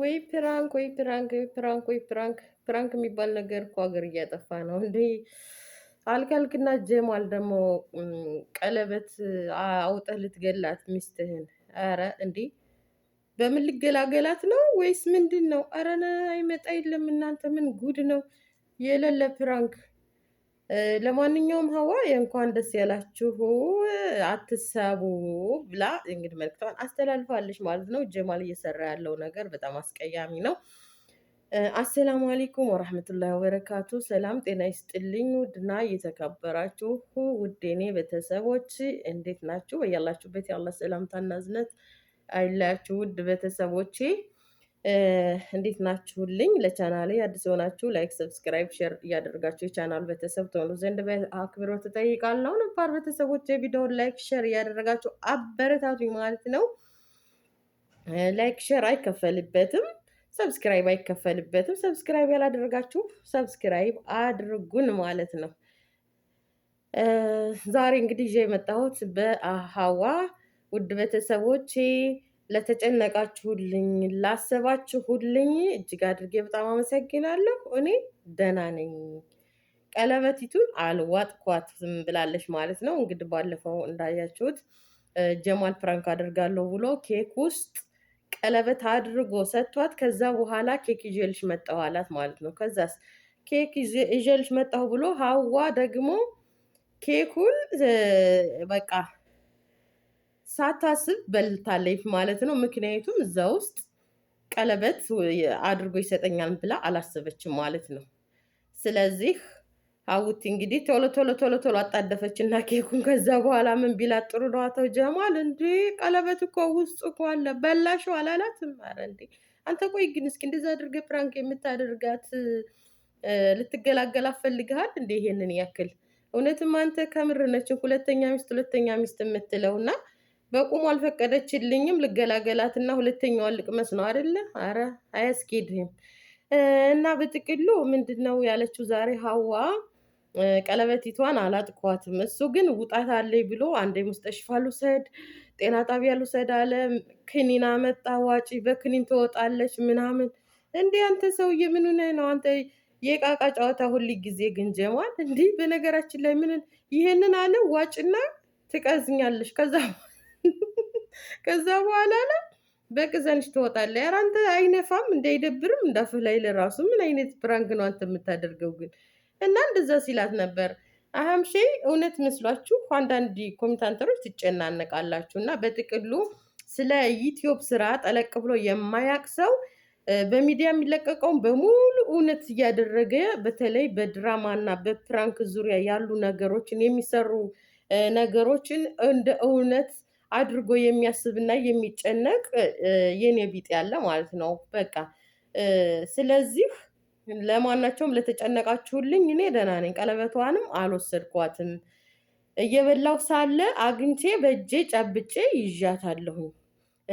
ወይ ፕራንክ ወይ ፕራንክ ወይ ፕራንክ ወይ ፕራንክ ፕራንክ የሚባል ነገር እኮ ሀገር እያጠፋ ነው እንዴ! አልካልክና ጀማል ደግሞ ቀለበት አውጠህ ልትገላት ሚስትህን። አረ እንዴ! በምን ልገላገላት ነው ወይስ ምንድን ነው? አረ አይመጣ የለም እናንተ ምን ጉድ ነው የሌለ ፕራንክ ለማንኛውም ሀዋ የእንኳን ደስ ያላችሁ አትሳቡ ብላ እንግዲህ መልክቷን አስተላልፋለች ማለት ነው። ጀማል እየሰራ ያለው ነገር በጣም አስቀያሚ ነው። አሰላሙ አሌይኩም ወራህመቱላሂ ወበረካቱ። ሰላም ጤና ይስጥልኝ። ውድና እየተከበራችሁ ውዴኔ ቤተሰቦች እንዴት ናችሁ? በያላችሁበት ያላ ሰላምታና እዝነት አይለያችሁ ውድ ቤተሰቦቼ እንዴት ናችሁልኝ? ለቻናሌ አዲስ የሆናችሁ ላይክ፣ ሰብስክራይብ፣ ሼር እያደረጋችሁ የቻናል ቤተሰብ ትሆኑ ዘንድ በአክብሮት እጠይቃለሁ። ነባር ቤተሰቦች የቪዲዮውን ላይክ፣ ሼር እያደረጋችሁ አበረታቱኝ ማለት ነው። ላይክ ሼር አይከፈልበትም፣ ሰብስክራይብ አይከፈልበትም። ሰብስክራይብ ያላደረጋችሁ ሰብስክራይብ አድርጉን ማለት ነው። ዛሬ እንግዲህ ይዤ የመጣሁት በአሃዋ ውድ ቤተሰቦቼ ለተጨነቃችሁልኝ፣ ላሰባችሁልኝ እጅግ አድርጌ በጣም አመሰግናለሁ። እኔ ደህና ነኝ። ቀለበቲቱን አልዋጥኳትም ብላለች ማለት ነው። እንግዲህ ባለፈው እንዳያችሁት ጀማል ፕራንክ አድርጋለሁ ብሎ ኬክ ውስጥ ቀለበት አድርጎ ሰጥቷት፣ ከዛ በኋላ ኬክ ይዤልሽ መጣሁ አላት ማለት ነው። ከዛስ ኬክ ይዤልሽ መጣሁ ብሎ ሀዋ ደግሞ ኬኩን በቃ ሳታስብ በልታለች ማለት ነው። ምክንያቱም እዛ ውስጥ ቀለበት አድርጎ ይሰጠኛል ብላ አላሰበችም ማለት ነው። ስለዚህ ሀውቲ እንግዲህ ቶሎ ቶሎ ቶሎ ቶሎ አጣደፈች እና ኬኩን ከዛ በኋላ ምን ቢላት ጥሩ ነው አቶ ጀማል እንዴ ቀለበት እኮ ውስጡ እኮ አለ በላሹ አላላትም። ኧረ እንዲ አንተ ቆይ ግን እስኪ እንደዚ አድርገ ፕራንክ የምታደርጋት ልትገላገል አፈልግሃል እንዴ? ይሄንን ያክል እውነትም አንተ ከምርነችን ሁለተኛ ሚስት ሁለተኛ ሚስት የምትለው እና በቁሙ አልፈቀደችልኝም። ልገላገላትና ሁለተኛዋን ልቅመስ ነው አይደለ? አረ አያስኬድም። እና በጥቅሉ ምንድን ነው ያለችው ዛሬ ሀዋ ቀለበቲቷን አላጥኳትም። እሱ ግን ውጣት አለኝ ብሎ አንዴ ሙስጠሽፋ ልውሰድ፣ ጤና ጣቢያ ልውሰድ አለ። ክኒን አመጣ፣ ዋጪ፣ በክኒን ትወጣለች ምናምን። እንዴ አንተ ሰውዬ ምን ሆነህ ነው አንተ? የቃቃ ጨዋታ ሁል ጊዜ ግን ጀማል እንዲህ። በነገራችን ላይ ምን ይሄንን አለ ዋጭና ትቀዝኛለች ከዛ ከዛ በኋላ ላ በቅ ዘንሽ ትወጣለህ። ኧረ አንተ አይነፋም እንዳይደብርም እንዳፍህ ላይ ለራሱ ምን አይነት ፕራንክ ነው አንተ የምታደርገው ግን? እና እንደዛ ሲላት ነበር። አህምሼ እውነት መስሏችሁ አንዳንድ ኮሚታንተሮች ትጨናነቃላችሁ። እና በጥቅሉ ስለ ዩትዩብ ስራ ጠለቅ ብሎ የማያቅ ሰው በሚዲያ የሚለቀቀውን በሙሉ እውነት እያደረገ በተለይ በድራማና በፕራንክ ዙሪያ ያሉ ነገሮችን የሚሰሩ ነገሮችን እንደ እውነት አድርጎ የሚያስብና የሚጨነቅ የኔ ቢጤ ያለ ማለት ነው። በቃ ስለዚህ ለማናቸውም ለተጨነቃችሁልኝ እኔ ደህና ነኝ። ቀለበቷንም አልወሰድኳትም። እየበላው ሳለ አግኝቼ በእጄ ጨብጬ ይዣታለሁ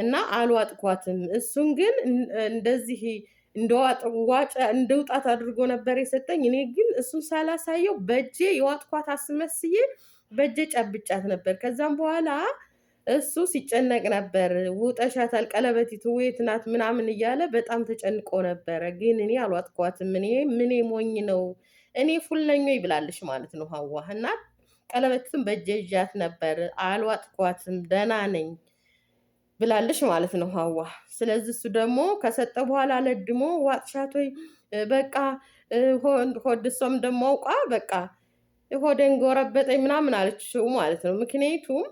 እና አልዋጥኳትም። እሱን ግን እንደዚህ እንደውጣት አድርጎ ነበር የሰጠኝ። እኔ ግን እሱን ሳላሳየው በእጄ የዋጥኳት አስመስዬ በእጄ ጨብጫት ነበር ከዛም በኋላ እሱ ሲጨነቅ ነበር። ውጠሻታል፣ ቀለበቲቱ የት ናት ምናምን እያለ በጣም ተጨንቆ ነበረ። ግን እኔ አልዋጥኳትም። እኔ ምኔ ሞኝ ነው እኔ ፉለኞ ይብላለች ማለት ነው ሀዋ እና ቀለበትም በእጄ ነበር። አልዋጥኳትም፣ ደህና ነኝ ብላለች ማለት ነው ሀዋ። ስለዚህ እሱ ደግሞ ከሰጠ በኋላ ለድሞ ዋጥሻቶይ በቃ ሆድሶም እሷም ደግሞ አውቃ በቃ ሆደን ጎረበጠኝ ምናምን አለችው ማለት ነው ምክንያቱም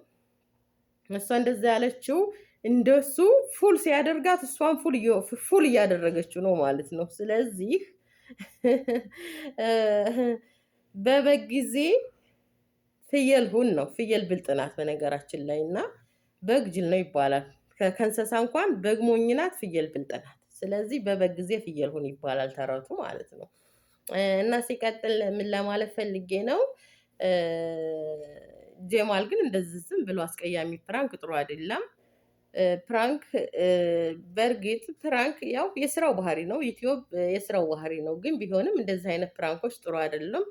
እሷ እንደዛ ያለችው እንደሱ ፉል ሲያደርጋት እሷን ፉል እያደረገችው ነው ማለት ነው። ስለዚህ በበግ ጊዜ ፍየል ሁን ነው። ፍየል ብልጥ ናት በነገራችን ላይ እና በግ ጅል ነው ይባላል። ከእንስሳ እንኳን በግ ሞኝ ናት፣ ፍየል ብልጥ ናት። ስለዚህ በበግ ጊዜ ፍየል ሁን ይባላል ተረቱ ማለት ነው። እና ሲቀጥል ምን ለማለት ፈልጌ ነው ጀማል ግን እንደዚህ ዝም ብሎ አስቀያሚ ፕራንክ ጥሩ አይደለም። ፕራንክ በእርግጥ ፕራንክ ያው የስራው ባህሪ ነው፣ ኢትዮ የስራው ባህሪ ነው። ግን ቢሆንም እንደዚህ አይነት ፕራንኮች ጥሩ አይደለም።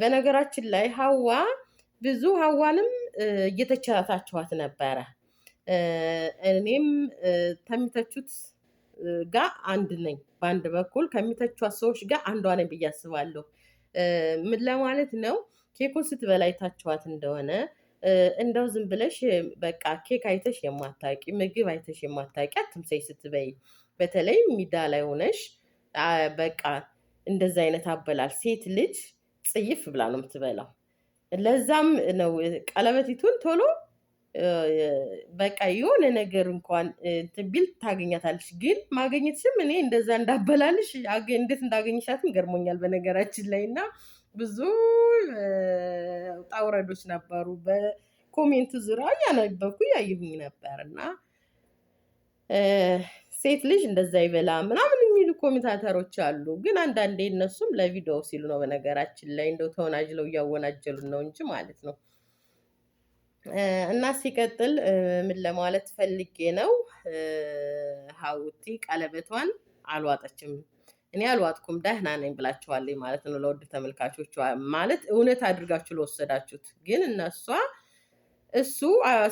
በነገራችን ላይ ሀዋ ብዙ ሀዋንም እየተቸታታችኋት ነበረ። እኔም ከሚተቹት ጋር አንድ ነኝ። በአንድ በኩል ከሚተቿት ሰዎች ጋር አንዷ ነኝ ብዬ አስባለሁ። ምን ለማለት ነው ኬኩን ስትበላ ታችዋት እንደሆነ እንደው ዝም ብለሽ በቃ ኬክ አይተሽ የማታቂ ምግብ አይተሽ የማታቂ አትምሰይ ስትበይ። በተለይ ሚዳ ላይ ሆነሽ በቃ እንደዛ አይነት አበላል ሴት ልጅ ጽይፍ ብላ ነው የምትበላው። ለዛም ነው ቀለበቲቱን ቶሎ በቃ የሆነ ነገር እንኳን ቢል ታገኛታለሽ። ግን ማገኘትሽም እኔ እንደዛ እንዳበላልሽ እንዴት እንዳገኘሻትም ገርሞኛል በነገራችን ላይ እና ብዙ ጣውረዶች ነበሩ። በኮሜንት ዙሪያ ያነበብኩ ያየሁኝ ነበር እና ሴት ልጅ እንደዛ ይበላ ምናምን የሚሉ ኮሜንታተሮች አሉ። ግን አንዳንዴ እነሱም ለቪዲዮ ሲሉ ነው። በነገራችን ላይ እንደው ተወናጅለው እያወናጀሉን ነው እንጂ ማለት ነው። እና ሲቀጥል ምን ለማለት ፈልጌ ነው፣ ሀውቲ ቀለበቷን አልዋጠችም። እኔ አልዋጥኩም ደህና ነኝ ብላችኋለኝ ማለት ነው። ለውድ ተመልካቾች ማለት እውነት አድርጋችሁ ለወሰዳችሁት ግን እነሷ እሱ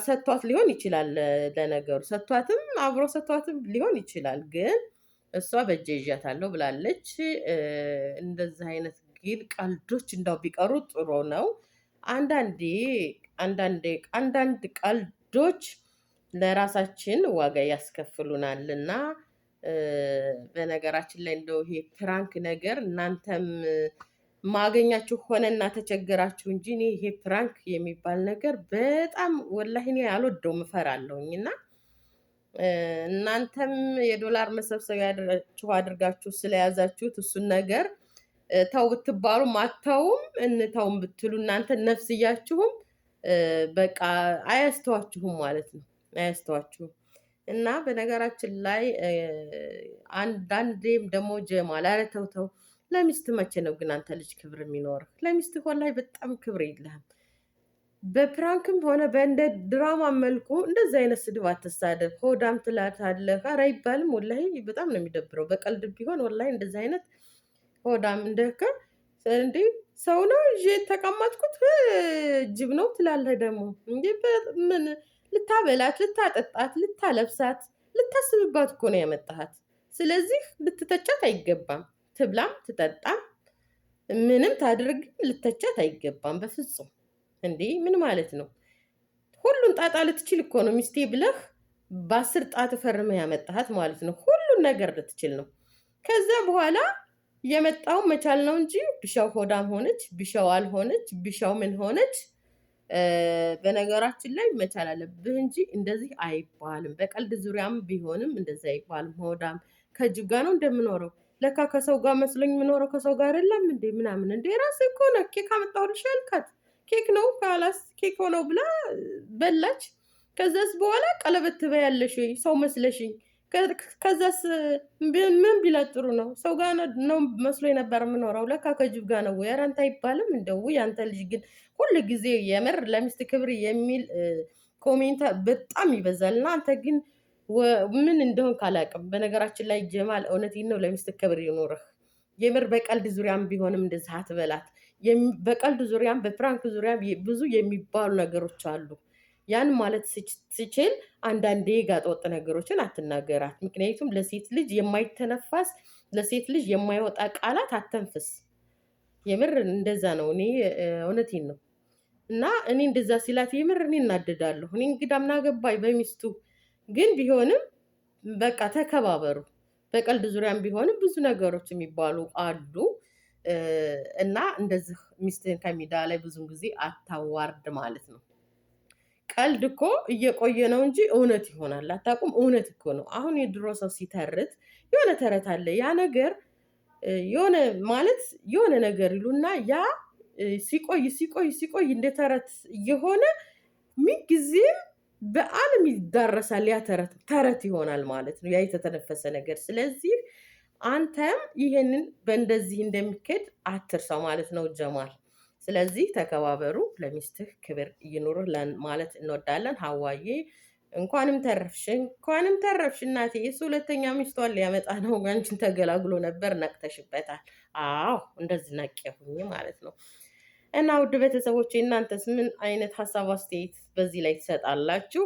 ሰጥቷት ሊሆን ይችላል። ለነገሩ ሰጥቷትም አብሮ ሰጥቷትም ሊሆን ይችላል። ግን እሷ በእጄ ይዣታለሁ ብላለች። እንደዚህ አይነት ግን ቀልዶች እንዳው ቢቀሩ ጥሩ ነው። አንዳንዴ አንዳንድ ቀልዶች ለራሳችን ዋጋ ያስከፍሉናልና። በነገራችን ላይ እንደው ይሄ ፕራንክ ነገር እናንተም ማገኛችሁ ሆነና ተቸገራችሁ እንጂ እኔ ይሄ ፕራንክ የሚባል ነገር በጣም ወላሂ እኔ አልወደውም፣ እፈራለሁኝ እና እናንተም የዶላር መሰብሰቢያ ያደረችሁ አድርጋችሁ ስለያዛችሁት እሱን ነገር ተው ብትባሉ አተውም እንተውም ብትሉ እናንተ ነፍስያችሁም በቃ አያስተዋችሁም ማለት ነው፣ አያስተዋችሁም። እና በነገራችን ላይ አንዳንዴም ደግሞ ጀማል ኧረ ተው ለሚስት መቼ ነው ግን አንተ ልጅ ክብር የሚኖር? ለሚስት ሆን ላይ በጣም ክብር የለህም። በፕራንክም ሆነ በእንደ ድራማ መልኩ እንደዚ አይነት ስድብ አትሳደብ፣ ሆዳም ትላታለህ። ኧረ አይባልም። ወላሂ በጣም ነው የሚደብረው። በቀልድ ቢሆን ወላሂ እንደዚ አይነት ሆዳም እንደከ እንዲ ሰው ነው እ ተቀማጭኩት ጅብ ነው ትላለህ ደግሞ እንጂ ምን ልታበላት፣ ልታጠጣት፣ ልታለብሳት፣ ልታስብባት እኮ ነው ያመጣሃት። ስለዚህ ልትተቻት አይገባም። ትብላም ትጠጣም ምንም ታድርግም ልተቻት አይገባም በፍጹም። እንዴ ምን ማለት ነው? ሁሉን ጣጣ ልትችል እኮ ነው ሚስቴ ብለህ በአስር ጣት ፈርመ ያመጣሃት ማለት ነው። ሁሉን ነገር ልትችል ነው። ከዛ በኋላ የመጣውን መቻል ነው እንጂ ብሻው ሆዳም ሆነች፣ ብሻው አልሆነች፣ ብሻው ምን ሆነች በነገራችን ላይ መቻል አለብህ እንጂ እንደዚህ አይባልም። በቀልድ ዙሪያም ቢሆንም እንደዚህ አይባልም። ሆዳም ከጅብ ጋር ነው እንደምኖረው ለካ ከሰው ጋር መስሎኝ የምኖረው ከሰው ጋር አይደለም እንዴ ምናምን እንዴ ራስ ከሆነ ኬክ አመጣሁልሽ ያልካት ኬክ ነው ካላስ ኬክ ሆነው ብላ በላች። ከዛስ በኋላ ቀለበት ትበያለሽ ሰው መስለሽኝ ከዛስ ምን ቢላት ጥሩ ነው? ሰው ጋር ነው መስሎ የነበረ የምኖረው ለካ ከጅብ ጋ ነው። ኧረ አንተ አይባልም። እንደው ያንተ ልጅ ግን ሁሉ ጊዜ የምር ለሚስት ክብር የሚል ኮሜንት በጣም ይበዛል። እና አንተ ግን ምን እንደሆን ካላቅም። በነገራችን ላይ ጀማል እውነት ነው፣ ለሚስት ክብር ይኖርህ። የምር በቀልድ ዙሪያም ቢሆንም እንደዚህ አትበላት። በቀልድ ዙሪያም በፕራንክ ዙሪያም ብዙ የሚባሉ ነገሮች አሉ። ያን ማለት ስችል አንዳንዴ ጋጠወጥ ነገሮችን አትናገራት። ምክንያቱም ለሴት ልጅ የማይተነፋስ ለሴት ልጅ የማይወጣ ቃላት አተንፍስ። የምር እንደዛ ነው። እኔ እውነቴን ነው። እና እኔ እንደዛ ሲላት የምር እኔ እናደዳለሁ። እኔ እንግዳ ምናገባኝ በሚስቱ ግን ቢሆንም በቃ ተከባበሩ። በቀልድ ዙሪያም ቢሆንም ብዙ ነገሮች የሚባሉ አሉ እና እንደዚህ ሚስትህን ከሚዳ ላይ ብዙን ጊዜ አታዋርድ ማለት ነው። ቀልድ እኮ እየቆየ ነው እንጂ እውነት ይሆናል። አታውቁም? እውነት እኮ ነው። አሁን የድሮ ሰው ሲተርት የሆነ ተረት አለ። ያ ነገር የሆነ ማለት የሆነ ነገር ይሉና ያ ሲቆይ ሲቆይ ሲቆይ እንደ ተረት እየሆነ ምንጊዜም በዓለም ይዳረሳል። ያ ተረት ተረት ይሆናል ማለት ነው፣ ያ የተተነፈሰ ነገር። ስለዚህ አንተም ይሄንን በእንደዚህ እንደሚካሄድ አትርሰው ማለት ነው ጀማል። ስለዚህ ተከባበሩ፣ ለሚስትህ ክብር ይኑርህ ማለት እንወዳለን። ሀዋዬ እንኳንም ተረፍሽ፣ እንኳንም ተረፍሽ እናቴ። እሱ ሁለተኛ ሚስቷን ሊያመጣ ነው። አንቺን ተገላግሎ ነበር። ነቅተሽበታል። አዎ እንደዚህ ነቅ ያሁኝ ማለት ነው። እና ውድ ቤተሰቦች እናንተስ ምን አይነት ሀሳብ አስተያየት በዚህ ላይ ትሰጣላችሁ?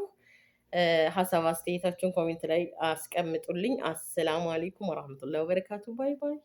ሀሳብ አስተያየታችሁን ኮሜንት ላይ አስቀምጡልኝ። አሰላሙ አሌይኩም ወራህመቱላሂ ወበረካቱ። ባይ ባይ።